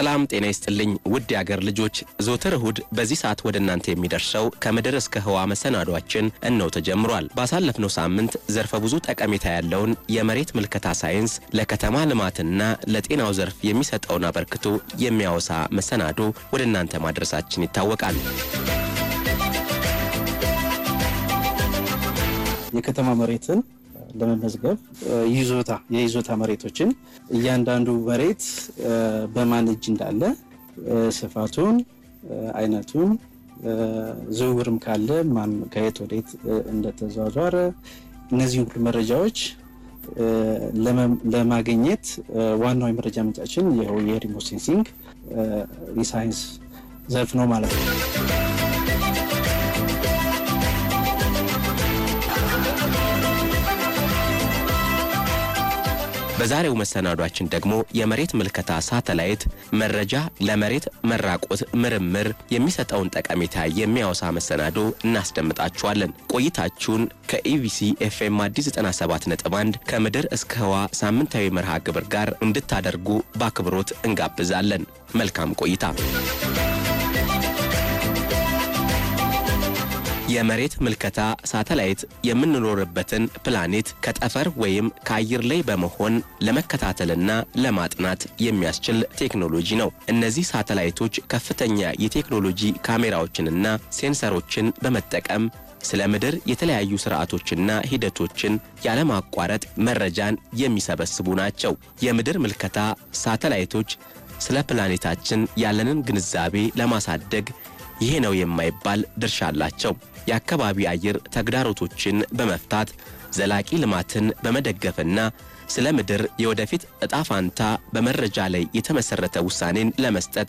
ሰላም ጤና ይስጥልኝ ውድ የአገር ልጆች፣ ዘወትር እሁድ በዚህ ሰዓት ወደ እናንተ የሚደርሰው ከምድር እስከ ህዋ መሰናዷችን እነው ተጀምሯል። ባሳለፍነው ሳምንት ዘርፈ ብዙ ጠቀሜታ ያለውን የመሬት ምልከታ ሳይንስ ለከተማ ልማትና ለጤናው ዘርፍ የሚሰጠውን አበርክቶ የሚያወሳ መሰናዶ ወደ እናንተ ማድረሳችን ይታወቃል። የከተማ መሬትን ለመመዝገብ ይዞታ የይዞታ መሬቶችን እያንዳንዱ መሬት በማን እጅ እንዳለ ስፋቱን፣ አይነቱን፣ ዝውውርም ካለ ማን ከየት ወዴት እንደተዟዟረ እነዚህ ሁሉ መረጃዎች ለማግኘት ዋናው የመረጃ ምንጫችን ይኸው የሪሞት ሴንሲንግ የሳይንስ ዘርፍ ነው ማለት ነው። በዛሬው መሰናዷችን ደግሞ የመሬት ምልከታ ሳተላይት መረጃ ለመሬት መራቆት ምርምር የሚሰጠውን ጠቀሜታ የሚያወሳ መሰናዶ እናስደምጣችኋለን። ቆይታችሁን ከኢቢሲ ኤፍኤም አዲስ 1 ከምድር እስከ ህዋ ሳምንታዊ መርሃ ግብር ጋር እንድታደርጉ በአክብሮት እንጋብዛለን። መልካም ቆይታ። የመሬት ምልከታ ሳተላይት የምንኖርበትን ፕላኔት ከጠፈር ወይም ከአየር ላይ በመሆን ለመከታተልና ለማጥናት የሚያስችል ቴክኖሎጂ ነው። እነዚህ ሳተላይቶች ከፍተኛ የቴክኖሎጂ ካሜራዎችንና ሴንሰሮችን በመጠቀም ስለ ምድር የተለያዩ ስርዓቶችና ሂደቶችን ያለማቋረጥ መረጃን የሚሰበስቡ ናቸው። የምድር ምልከታ ሳተላይቶች ስለ ፕላኔታችን ያለንን ግንዛቤ ለማሳደግ ይሄ ነው የማይባል ድርሻ አላቸው። የአካባቢ አየር ተግዳሮቶችን በመፍታት ዘላቂ ልማትን በመደገፍና ስለ ምድር የወደፊት እጣ ፋንታ በመረጃ ላይ የተመሰረተ ውሳኔን ለመስጠት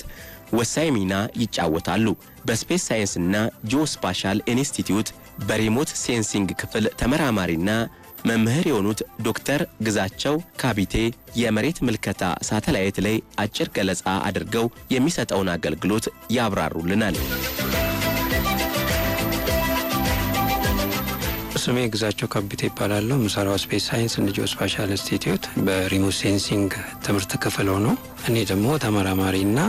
ወሳኝ ሚና ይጫወታሉ። በስፔስ ሳይንስና ጂኦስፓሻል ኢንስቲትዩት በሪሞት ሴንሲንግ ክፍል ተመራማሪና መምህር የሆኑት ዶክተር ግዛቸው ካቢቴ የመሬት ምልከታ ሳተላይት ላይ አጭር ገለጻ አድርገው የሚሰጠውን አገልግሎት ያብራሩልናል። ስሜ ግዛቸው ካቢቴ ይባላለሁ። ምሰራው ስፔስ ሳይንስ እንድ ስፓሻል ኢንስቲትዩት በሪሞት ሴንሲንግ ትምህርት ክፍል ሆኖ እኔ ደግሞ ተመራማሪና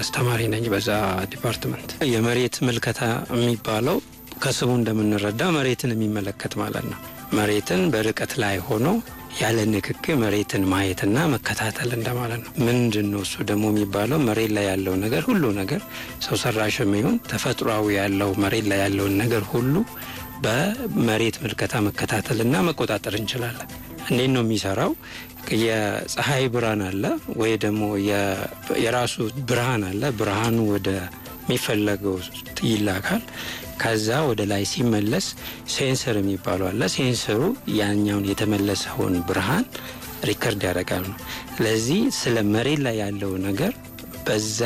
አስተማሪ ነኝ በዛ ዲፓርትመንት። የመሬት ምልከታ የሚባለው ከስሙ እንደምንረዳ መሬትን የሚመለከት ማለት ነው። መሬትን በርቀት ላይ ሆኖ ያለ ንክክ መሬትን ማየትና መከታተል እንደማለት ነው። ምንድን ነው እሱ ደግሞ የሚባለው? መሬት ላይ ያለው ነገር ሁሉ ነገር ሰው ሰራሽ የሚሆን ተፈጥሯዊ ያለው መሬት ላይ ያለውን ነገር ሁሉ በመሬት ምልከታ መከታተልና መቆጣጠር እንችላለን። እንዴት ነው የሚሰራው? የፀሐይ ብርሃን አለ ወይ ደግሞ የራሱ ብርሃን አለ። ብርሃኑ ወደ የሚፈለገው ይላካል። ከዛ ወደ ላይ ሲመለስ ሴንሰር የሚባሉ አለ። ሴንሰሩ ያኛውን የተመለሰውን ብርሃን ሪከርድ ያደርጋል ነው። ስለዚህ ስለ መሬት ላይ ያለው ነገር በዛ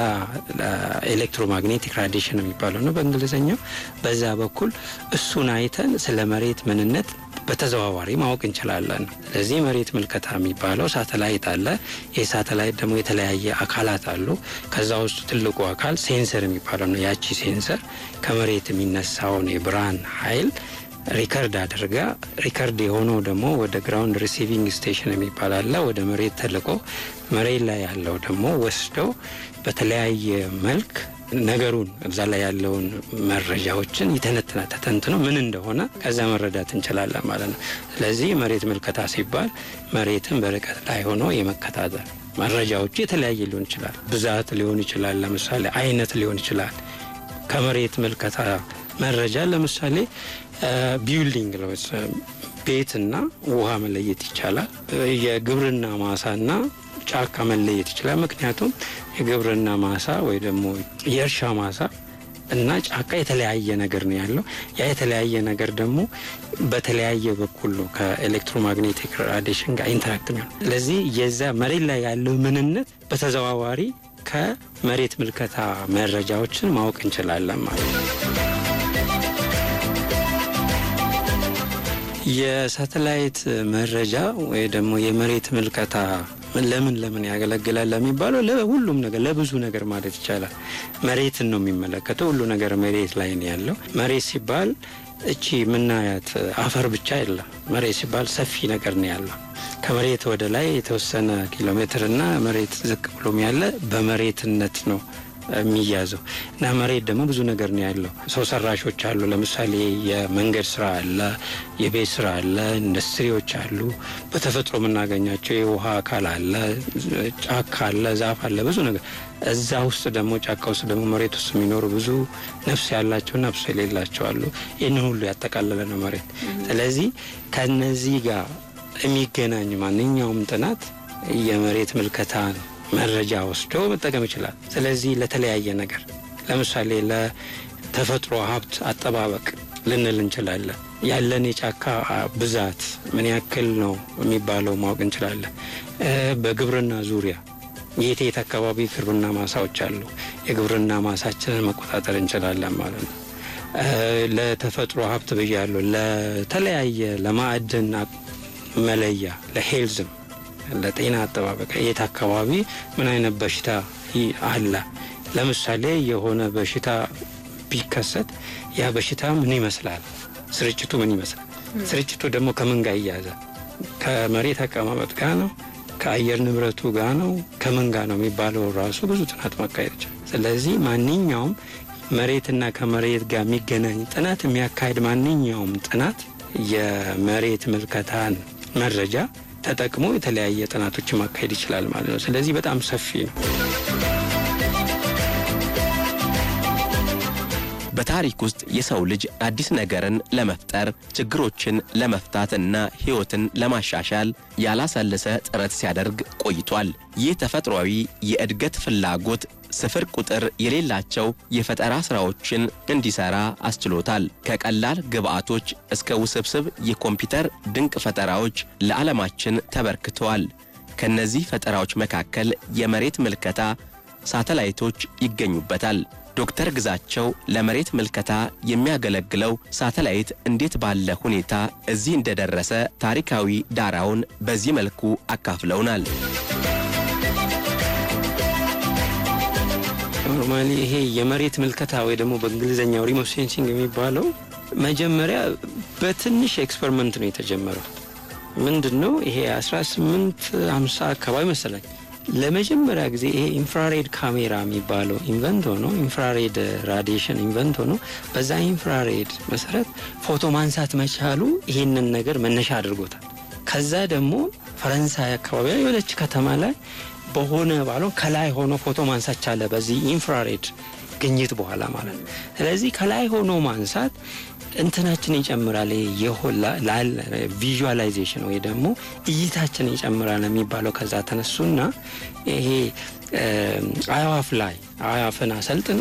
ኤሌክትሮማግኔቲክ ራዲሽን የሚባለው ነው በእንግሊዝኛው። በዛ በኩል እሱን አይተን ስለ መሬት ምንነት በተዘዋዋሪ ማወቅ እንችላለን። ስለዚህ መሬት ምልከታ የሚባለው ሳተላይት አለ። ይህ ሳተላይት ደግሞ የተለያየ አካላት አሉ። ከዛ ውስጥ ትልቁ አካል ሴንሰር የሚባለው ነው። ያቺ ሴንሰር ከመሬት የሚነሳውን የብርሃን ኃይል ሪከርድ አድርጋ ሪከርድ የሆነው ደግሞ ወደ ግራውንድ ሪሲቪንግ ስቴሽን የሚባል አለ። ወደ መሬት ተልቆ መሬት ላይ ያለው ደግሞ ወስደው በተለያየ መልክ ነገሩን እዛ ላይ ያለውን መረጃዎችን ይተነትና ተተንትኖ ምን እንደሆነ ከዛ መረዳት እንችላለን ማለት ነው። ስለዚህ መሬት ምልከታ ሲባል መሬትን በርቀት ላይ ሆኖ የመከታተል መረጃዎች የተለያየ ሊሆን ይችላል። ብዛት ሊሆን ይችላል። ለምሳሌ አይነት ሊሆን ይችላል። ከመሬት ምልከታ መረጃ ለምሳሌ ቢውልዲንግ ቤትና ውሃ መለየት ይቻላል። የግብርና ማሳና ጫካ መለየት ይችላል። ምክንያቱም የግብርና ማሳ ወይ ደግሞ የእርሻ ማሳ እና ጫካ የተለያየ ነገር ነው ያለው። ያ የተለያየ ነገር ደግሞ በተለያየ በኩል ነው ከኤሌክትሮማግኔቲክ ራዲሽን ጋር ኢንተራክት ነው። ስለዚህ የዛ መሬት ላይ ያለው ምንነት በተዘዋዋሪ ከመሬት ምልከታ መረጃዎችን ማወቅ እንችላለን ማለት ነው። የሳተላይት መረጃ ወይ ደግሞ የመሬት ምልከታ ለምን ለምን ያገለግላል ለሚባለው ለሁሉም ነገር ለብዙ ነገር ማለት ይቻላል። መሬትን ነው የሚመለከተው። ሁሉ ነገር መሬት ላይ ነው ያለው። መሬት ሲባል እቺ የምናያት አፈር ብቻ የለም። መሬት ሲባል ሰፊ ነገር ነው ያለው። ከመሬት ወደ ላይ የተወሰነ ኪሎ እና መሬት ዝቅ ብሎም ያለ በመሬትነት ነው የሚያዘው እና መሬት ደግሞ ብዙ ነገር ነው ያለው። ሰው ሰራሾች አሉ። ለምሳሌ የመንገድ ስራ አለ፣ የቤት ስራ አለ፣ ኢንዱስትሪዎች አሉ፣ በተፈጥሮ የምናገኛቸው የውሃ አካል አለ፣ ጫካ አለ፣ ዛፍ አለ፣ ብዙ ነገር እዛ ውስጥ ደግሞ ጫካ ውስጥ ደግሞ መሬት ውስጥ የሚኖሩ ብዙ ነፍስ ያላቸው ነፍስ የሌላቸው አሉ። ይህን ሁሉ ያጠቃለለ ነው መሬት። ስለዚህ ከነዚህ ጋር የሚገናኝ ማንኛውም ጥናት የመሬት ምልከታ ነው። መረጃ ወስዶ መጠቀም ይችላል። ስለዚህ ለተለያየ ነገር ለምሳሌ ለተፈጥሮ ሀብት አጠባበቅ ልንል እንችላለን። ያለን የጫካ ብዛት ምን ያክል ነው የሚባለው ማወቅ እንችላለን። በግብርና ዙሪያ የት የት አካባቢ ግብርና ማሳዎች አሉ፣ የግብርና ማሳችንን መቆጣጠር እንችላለን ማለት ነው። ለተፈጥሮ ሀብት ብያለሁ። ለተለያየ ለማዕድን መለያ ለሄልዝም ለጤና አጠባበቅ የት አካባቢ ምን አይነት በሽታ አለ። ለምሳሌ የሆነ በሽታ ቢከሰት ያ በሽታ ምን ይመስላል፣ ስርጭቱ ምን ይመስላል፣ ስርጭቱ ደግሞ ከምን ጋር እያያዘ ከመሬት አቀማመጥ ጋር ነው ከአየር ንብረቱ ጋር ነው ከምን ጋር ነው የሚባለው ራሱ ብዙ ጥናት መካሄድ ይችላል። ስለዚህ ማንኛውም መሬትና ከመሬት ጋር የሚገናኝ ጥናት የሚያካሄድ ማንኛውም ጥናት የመሬት ምልከታን መረጃ ተጠቅሞ የተለያየ ጥናቶችን ማካሄድ ይችላል ማለት ነው። ስለዚህ በጣም ሰፊ ነው። በታሪክ ውስጥ የሰው ልጅ አዲስ ነገርን ለመፍጠር ችግሮችን ለመፍታት እና ሕይወትን ለማሻሻል ያላሰለሰ ጥረት ሲያደርግ ቆይቷል። ይህ ተፈጥሯዊ የእድገት ፍላጎት ስፍር ቁጥር የሌላቸው የፈጠራ ስራዎችን እንዲሰራ አስችሎታል። ከቀላል ግብአቶች እስከ ውስብስብ የኮምፒውተር ድንቅ ፈጠራዎች ለዓለማችን ተበርክተዋል። ከነዚህ ፈጠራዎች መካከል የመሬት ምልከታ ሳተላይቶች ይገኙበታል። ዶክተር ግዛቸው ለመሬት ምልከታ የሚያገለግለው ሳተላይት እንዴት ባለ ሁኔታ እዚህ እንደደረሰ ታሪካዊ ዳራውን በዚህ መልኩ አካፍለውናል። ኖርማሊ ይሄ የመሬት ምልከታ ወይ ደግሞ በእንግሊዝኛው ሪሞት ሴንሲንግ የሚባለው መጀመሪያ በትንሽ ኤክስፐሪመንት ነው የተጀመረው። ምንድን ነው ይሄ 18 50 አካባቢ መሰለኝ ለመጀመሪያ ጊዜ ይሄ ኢንፍራሬድ ካሜራ የሚባለው ኢንቨንት ሆኖ ኢንፍራሬድ ራዲሽን ኢንቨንት ሆኖ በዛ ኢንፍራሬድ መሰረት ፎቶ ማንሳት መቻሉ ይህንን ነገር መነሻ አድርጎታል። ከዛ ደግሞ ፈረንሳይ አካባቢ ላይ የሆነች ከተማ ላይ በሆነ ባለው ከላይ ሆኖ ፎቶ ማንሳት ቻለ፣ በዚህ ኢንፍራሬድ ግኝት በኋላ ማለት ነው። ስለዚህ ከላይ ሆኖ ማንሳት እንትናችን ይጨምራል፣ ቪዥዋላይዜሽን ወይ ደግሞ እይታችን ይጨምራል የሚባለው ከዛ ተነሱና ይሄ አዕዋፍ ላይ አዕዋፍን አሰልጥኑ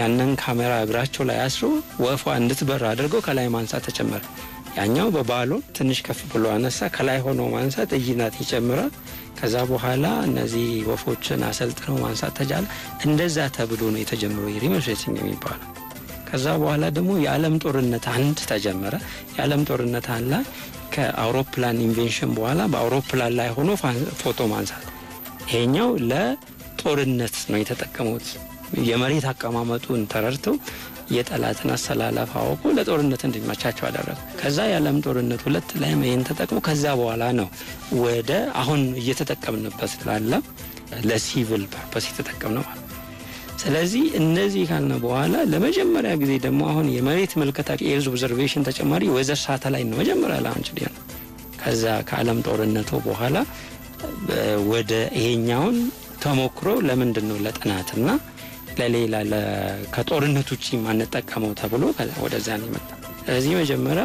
ያንን ካሜራ እግራቸው ላይ አስሮ ወፏ እንድትበር አድርገው ከላይ ማንሳት ተጨመረ። ያኛው በባሎ ትንሽ ከፍ ብሎ አነሳ። ከላይ ሆኖ ማንሳት እይናት ይጨምራል። ከዛ በኋላ እነዚህ ወፎችን አሰልጥነው ማንሳት ተቻለ። እንደዛ ተብሎ ነው የተጀመረው ሪመርሴሲንግ የሚባለው። ከዛ በኋላ ደግሞ የዓለም ጦርነት አንድ ተጀመረ። የዓለም ጦርነት አንድ ላይ ከአውሮፕላን ኢንቬንሽን በኋላ በአውሮፕላን ላይ ሆኖ ፎቶ ማንሳት ይሄኛው ለጦርነት ነው የተጠቀሙት። የመሬት አቀማመጡን ተረድተው የጠላትን አሰላለፍ አወቁ፣ ለጦርነት እንዲመቻቸው አደረጉ። ከዛ የዓለም ጦርነት ሁለት ላይም ይህን ተጠቅሞ ከዛ በኋላ ነው ወደ አሁን እየተጠቀምንበት ላለ ለሲቪል ፐርፐስ የተጠቀምነው ማለት። ስለዚህ እነዚህ ካልነ በኋላ ለመጀመሪያ ጊዜ ደግሞ አሁን የመሬት ምልከታ ኤርዝ ኦብዘርቬሽን ተጨማሪ ወዘር ሳተላይት ነው መጀመሪያ ላንች ነው። ከዛ ከዓለም ጦርነቱ በኋላ ወደ ይሄኛውን ተሞክሮ ለምንድን ነው ለጥናትና ለሌላ ከጦርነት ውጭ ማንጠቀመው ተብሎ ወደዚያ ነው የመጣ። ስለዚህ መጀመሪያ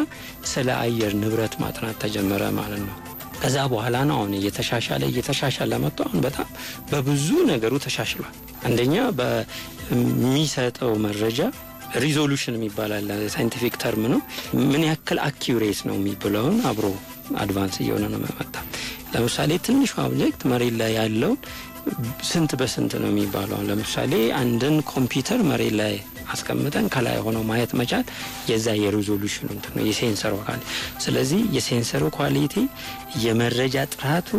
ስለ አየር ንብረት ማጥናት ተጀመረ ማለት ነው። ከዛ በኋላ ነው አሁን እየተሻሻለ እየተሻሻለ መጥቶ አሁን በጣም በብዙ ነገሩ ተሻሽሏል። አንደኛ በሚሰጠው መረጃ ሪዞሉሽን የሚባላለ ሳይንቲፊክ ተርም ነው። ምን ያክል አኪሬት ነው የሚብለውን አብሮ አድቫንስ እየሆነ ነው መጣ። ለምሳሌ ትንሹ አብጀክት መሬት ላይ ያለውን ስንት በስንት ነው የሚባለው። ለምሳሌ አንድን ኮምፒውተር መሬት ላይ አስቀምጠን ከላይ ሆኖ ማየት መቻል የዛ የሪዞሉሽኑ እንትን ነው የሴንሰሩ ካል ስለዚህ የሴንሰሩ ኳሊቲ፣ የመረጃ ጥራቱ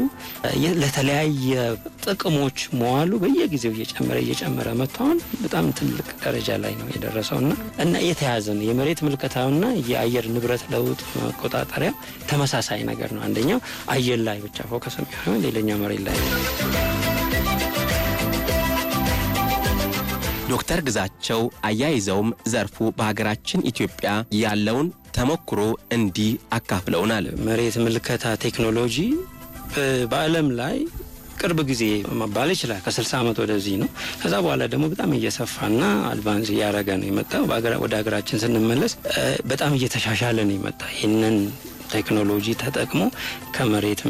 ለተለያየ ጥቅሞች መዋሉ በየጊዜው እየጨመረ እየጨመረ መጥተዋል በጣም ትልቅ ደረጃ ላይ ነው የደረሰው ና እና የተያዘ ነው የመሬት ምልከታውና የአየር ንብረት ለውጥ መቆጣጠሪያ ተመሳሳይ ነገር ነው። አንደኛው አየር ላይ ብቻ ፎከስ ሌላኛው መሬት ላይ ነው። ዶክተር ግዛቸው አያይዘውም ዘርፉ በሀገራችን ኢትዮጵያ ያለውን ተሞክሮ እንዲህ አካፍለውናል። መሬት ምልከታ ቴክኖሎጂ በዓለም ላይ ቅርብ ጊዜ መባል ይችላል። ከ60 ዓመት ወደዚህ ነው። ከዛ በኋላ ደግሞ በጣም እየሰፋና አድቫንስ እያደረገ ነው የመጣ። ወደ ሀገራችን ስንመለስ በጣም እየተሻሻለ ነው የመጣ። ይህንን ቴክኖሎጂ ተጠቅሞ ከመሬት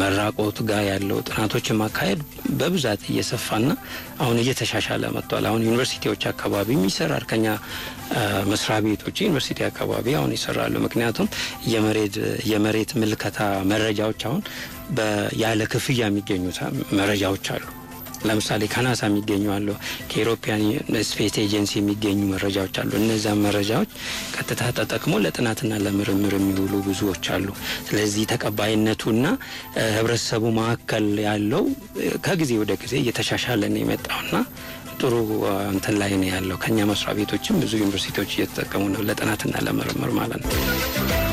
መራቆት ጋር ያለው ጥናቶች ማካሄድ በብዛት እየሰፋና አሁን እየተሻሻለ መጥቷል። አሁን ዩኒቨርሲቲዎች አካባቢ ይሰራል። ከኛ መስሪያ ቤቶች ዩኒቨርሲቲ አካባቢ አሁን ይሰራሉ። ምክንያቱም የመሬት ምልከታ መረጃዎች አሁን ያለ ክፍያ የሚገኙ መረጃዎች አሉ። ለምሳሌ ከናሳ የሚገኙ አሉ፣ ከኢሮፒያን ስፔስ ኤጀንሲ የሚገኙ መረጃዎች አሉ። እነዛ መረጃዎች ቀጥታ ተጠቅሞ ለጥናትና ለምርምር የሚውሉ ብዙዎች አሉ። ስለዚህ ተቀባይነቱና ህብረተሰቡ መካከል ያለው ከጊዜ ወደ ጊዜ እየተሻሻለ ነው የመጣውና ጥሩ እንትን ላይ ነው ያለው። ከእኛ መስሪያ ቤቶችም ብዙ ዩኒቨርሲቲዎች እየተጠቀሙ ነው ለጥናትና ለምርምር ማለት ነው።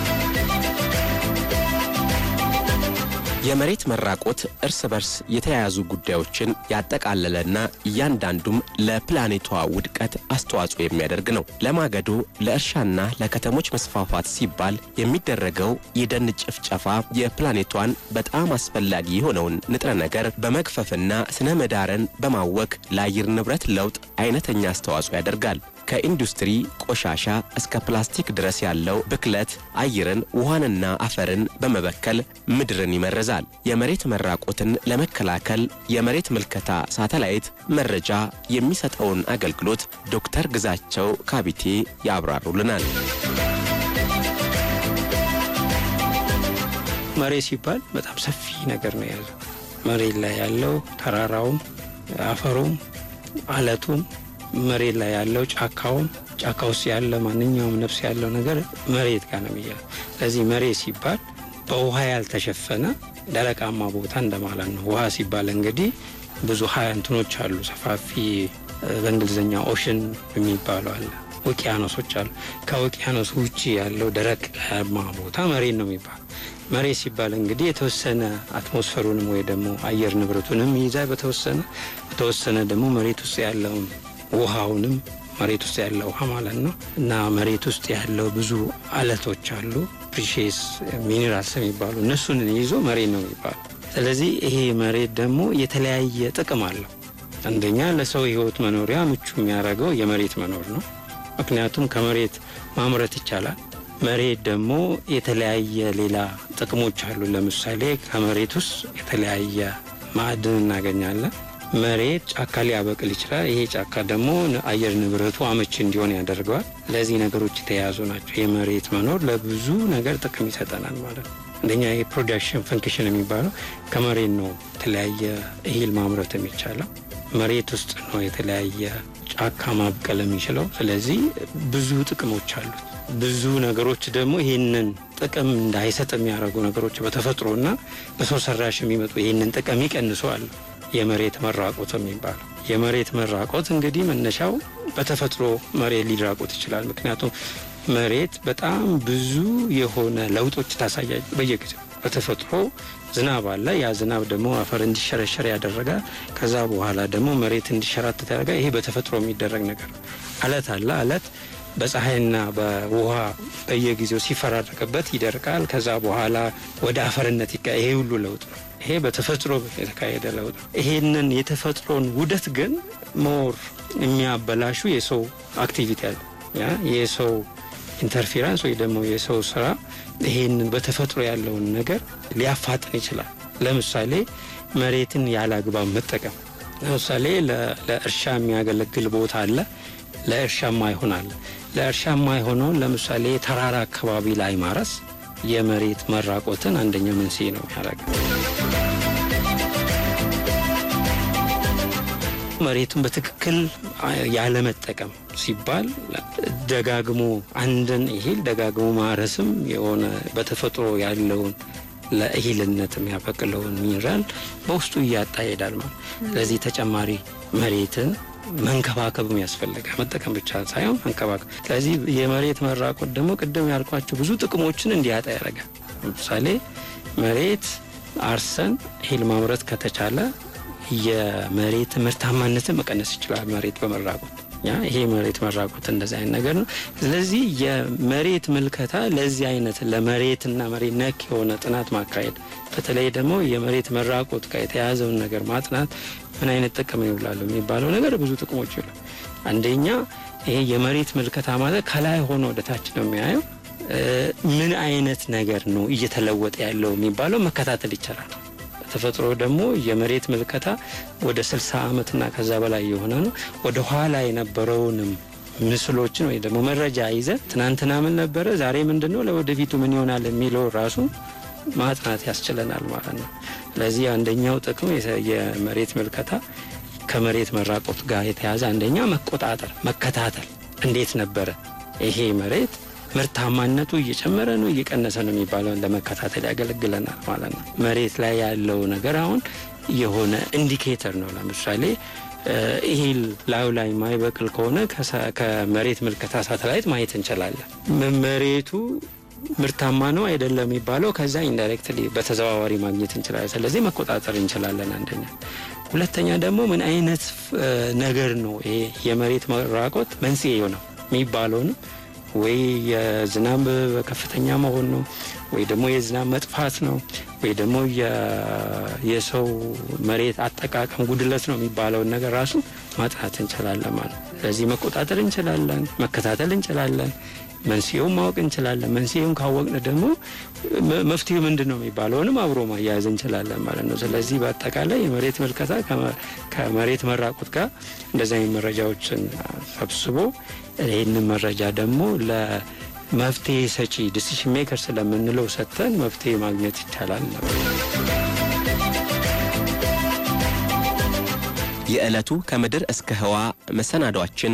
የመሬት መራቆት እርስ በርስ የተያያዙ ጉዳዮችን ያጠቃለለና እያንዳንዱም ለፕላኔቷ ውድቀት አስተዋጽኦ የሚያደርግ ነው። ለማገዶ ለእርሻና ለከተሞች መስፋፋት ሲባል የሚደረገው የደን ጭፍጨፋ የፕላኔቷን በጣም አስፈላጊ የሆነውን ንጥረ ነገር በመግፈፍና ስነ ምህዳርን በማወክ ለአየር ንብረት ለውጥ አይነተኛ አስተዋጽኦ ያደርጋል። ከኢንዱስትሪ ቆሻሻ እስከ ፕላስቲክ ድረስ ያለው ብክለት አየርን፣ ውሃንና አፈርን በመበከል ምድርን ይመረዛል። የመሬት መራቆትን ለመከላከል የመሬት ምልከታ ሳተላይት መረጃ የሚሰጠውን አገልግሎት ዶክተር ግዛቸው ካቢቴ ያብራሩልናል። መሬት ሲባል በጣም ሰፊ ነገር ነው የያዘው። መሬት ላይ ያለው ተራራውም፣ አፈሩም፣ አለቱም መሬት ላይ ያለው ጫካውን ጫካ ውስጥ ያለ ማንኛውም ነፍስ ያለው ነገር መሬት ጋር ነው የሚያ ስለዚህ መሬት ሲባል በውሃ ያልተሸፈነ ደረቃማ ቦታ እንደማለት ነው። ውሃ ሲባል እንግዲህ ብዙ ሀያ እንትኖች አሉ። ሰፋፊ በእንግሊዝኛ ኦሽን የሚባሉ አለ፣ ውቅያኖሶች አሉ። ከውቅያኖስ ውጭ ያለው ደረቃማ ቦታ መሬት ነው የሚባል መሬት ሲባል እንግዲህ የተወሰነ አትሞስፈሩንም ወይ ደግሞ አየር ንብረቱንም ይዛ በተወሰነ በተወሰነ ደግሞ መሬት ውስጥ ያለውን ውሃውንም መሬት ውስጥ ያለ ውሃ ማለት ነው እና መሬት ውስጥ ያለው ብዙ አለቶች አሉ ፕሪሼስ ሚኒራልስ የሚባሉ እነሱን ይዞ መሬት ነው የሚባሉ። ስለዚህ ይሄ መሬት ደግሞ የተለያየ ጥቅም አለው። አንደኛ ለሰው ህይወት መኖሪያ ምቹ የሚያደርገው የመሬት መኖር ነው። ምክንያቱም ከመሬት ማምረት ይቻላል። መሬት ደግሞ የተለያየ ሌላ ጥቅሞች አሉ። ለምሳሌ ከመሬት ውስጥ የተለያየ ማዕድን እናገኛለን። መሬት ጫካ ሊያበቅል ይችላል። ይሄ ጫካ ደግሞ አየር ንብረቱ አመች እንዲሆን ያደርገዋል። ለዚህ ነገሮች የተያያዙ ናቸው። የመሬት መኖር ለብዙ ነገር ጥቅም ይሰጠናል ማለት ነው። አንደኛ የፕሮዳክሽን ፈንክሽን የሚባለው ከመሬት ነው። የተለያየ እህል ማምረት የሚቻለው መሬት ውስጥ ነው። የተለያየ ጫካ ማብቀል የሚችለው ስለዚህ ብዙ ጥቅሞች አሉት። ብዙ ነገሮች ደግሞ ይህንን ጥቅም እንዳይሰጥ የሚያደርጉ ነገሮች በተፈጥሮና በሰው ሰራሽ የሚመጡ ይህንን ጥቅም ይቀንሰዋል። የመሬት መራቆት የሚባለው የመሬት መራቆት እንግዲህ መነሻው በተፈጥሮ መሬት ሊራቆት ይችላል። ምክንያቱም መሬት በጣም ብዙ የሆነ ለውጦች ታሳያል በየጊዜው በተፈጥሮ ዝናብ አለ። ያ ዝናብ ደግሞ አፈር እንዲሸረሸር ያደረጋል። ከዛ በኋላ ደግሞ መሬት እንዲሸራተት ያደረገ። ይሄ በተፈጥሮ የሚደረግ ነገር። አለት አለ። አለት በፀሐይና በውሃ በየጊዜው ሲፈራረቅበት ይደርቃል። ከዛ በኋላ ወደ አፈርነት ይቃ ይሄ ሁሉ ለውጥ ነው። ይሄ በተፈጥሮ የተካሄደ ለውጥ ነው። ይሄንን የተፈጥሮን ውደት ግን ሞር የሚያበላሹ የሰው አክቲቪቲ አለ። ያ የሰው ኢንተርፌራንስ ወይ ደግሞ የሰው ስራ ይሄንን በተፈጥሮ ያለውን ነገር ሊያፋጥን ይችላል። ለምሳሌ መሬትን ያለ አግባብ መጠቀም። ለምሳሌ ለእርሻ የሚያገለግል ቦታ አለ፣ ለእርሻ ማይሆን አለ። ለእርሻ ማይሆነውን ለምሳሌ ተራራ አካባቢ ላይ ማረስ የመሬት መራቆትን አንደኛ መንስኤ ነው የሚያደርገው። መሬቱን በትክክል ያለመጠቀም ሲባል ደጋግሞ አንድን እህል ደጋግሞ ማረስም የሆነ በተፈጥሮ ያለውን ለእህልነት የሚያበቅለውን ሚኒራል በውስጡ እያጣ ይሄዳል ማለት። ስለዚህ ተጨማሪ መሬትን መንከባከብም ያስፈልጋል። መጠቀም ብቻ ሳይሆን መንከባከብ። ስለዚህ የመሬት መራቆት ደግሞ ቅድም ያልኳቸው ብዙ ጥቅሞችን እንዲያጣ ያደርጋል። ለምሳሌ መሬት አርሰን እህል ማምረት ከተቻለ የመሬት ምርታማነትን መቀነስ ይችላል። መሬት በመራቆት ይሄ መሬት መራቆት እንደዚህ አይነት ነገር ነው። ስለዚህ የመሬት ምልከታ ለዚህ አይነት ለመሬትና መሬት ነክ የሆነ ጥናት ማካሄድ፣ በተለይ ደግሞ የመሬት መራቆት ጋር የተያያዘውን ነገር ማጥናት ምን አይነት ጥቅም ይውላሉ የሚባለው ነገር ብዙ ጥቅሞች ይላል። አንደኛ ይሄ የመሬት ምልከታ ማለት ከላይ ሆኖ ወደታች ነው የሚያየው። ምን አይነት ነገር ነው እየተለወጠ ያለው የሚባለው መከታተል ይቻላል። በተፈጥሮ ደግሞ የመሬት ምልከታ ወደ 60 ዓመትና ከዛ በላይ የሆነ ነው። ወደ ኋላ የነበረውንም ምስሎችን ወይ ደግሞ መረጃ ይዘን ትናንትና ምን ነበረ፣ ዛሬ ምንድን ነው፣ ለወደፊቱ ምን ይሆናል የሚለው ራሱ ማጥናት ያስችለናል ማለት ነው። ስለዚህ አንደኛው ጥቅም የመሬት ምልከታ ከመሬት መራቆት ጋር የተያዘ አንደኛ መቆጣጠር፣ መከታተል እንዴት ነበረ ይሄ መሬት ምርታማነቱ እየጨመረ ነው እየቀነሰ ነው የሚባለውን ለመከታተል ያገለግለናል ማለት ነው። መሬት ላይ ያለው ነገር አሁን የሆነ ኢንዲኬተር ነው። ለምሳሌ ይህል ላዩ ላይ ማይበቅል ከሆነ ከመሬት ምልከታ ሳተላይት ማየት እንችላለን። መሬቱ ምርታማ ነው አይደለም የሚባለው ከዛ ኢንዳይሬክትሊ በተዘዋዋሪ ማግኘት እንችላለን። ስለዚህ መቆጣጠር እንችላለን አንደኛ። ሁለተኛ ደግሞ ምን አይነት ነገር ነው ይሄ የመሬት መራቆት መንስኤ የሆነው የሚባለውንም ወይ የዝናብ በከፍተኛ መሆን ነው፣ ወይ ደግሞ የዝናብ መጥፋት ነው፣ ወይ ደግሞ የሰው መሬት አጠቃቀም ጉድለት ነው የሚባለውን ነገር ራሱ ማጥናት እንችላለን ማለት ነው። ስለዚህ መቆጣጠር እንችላለን፣ መከታተል እንችላለን፣ መንስኤውን ማወቅ እንችላለን። መንስኤውን ካወቅን ደግሞ መፍትሄ ምንድን ነው የሚባለውንም አብሮ ማያያዝ እንችላለን ማለት ነው። ስለዚህ በአጠቃላይ የመሬት ምልከታ ከመሬት መራቆት ጋር እንደዚህ አይነት መረጃዎችን ሰብስቦ ይህንን መረጃ ደግሞ ለመፍትሄ ሰጪ ዲሲሽን ሜከር ስለምንለው ሰጥተን መፍትሄ ማግኘት ይቻላል። የዕለቱ ከምድር እስከ ህዋ መሰናዷችን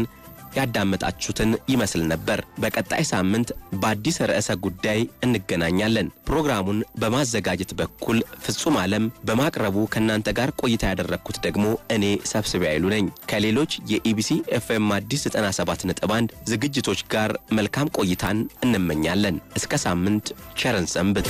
ያዳመጣችሁትን ይመስል ነበር። በቀጣይ ሳምንት በአዲስ ርዕሰ ጉዳይ እንገናኛለን። ፕሮግራሙን በማዘጋጀት በኩል ፍጹም ዓለም፣ በማቅረቡ ከእናንተ ጋር ቆይታ ያደረግኩት ደግሞ እኔ ሰብስቤ አይሉ ነኝ። ከሌሎች የኢቢሲ ኤፍኤም አዲስ 97 ነጥብ 1 ዝግጅቶች ጋር መልካም ቆይታን እንመኛለን። እስከ ሳምንት ቸረን ሰንብት።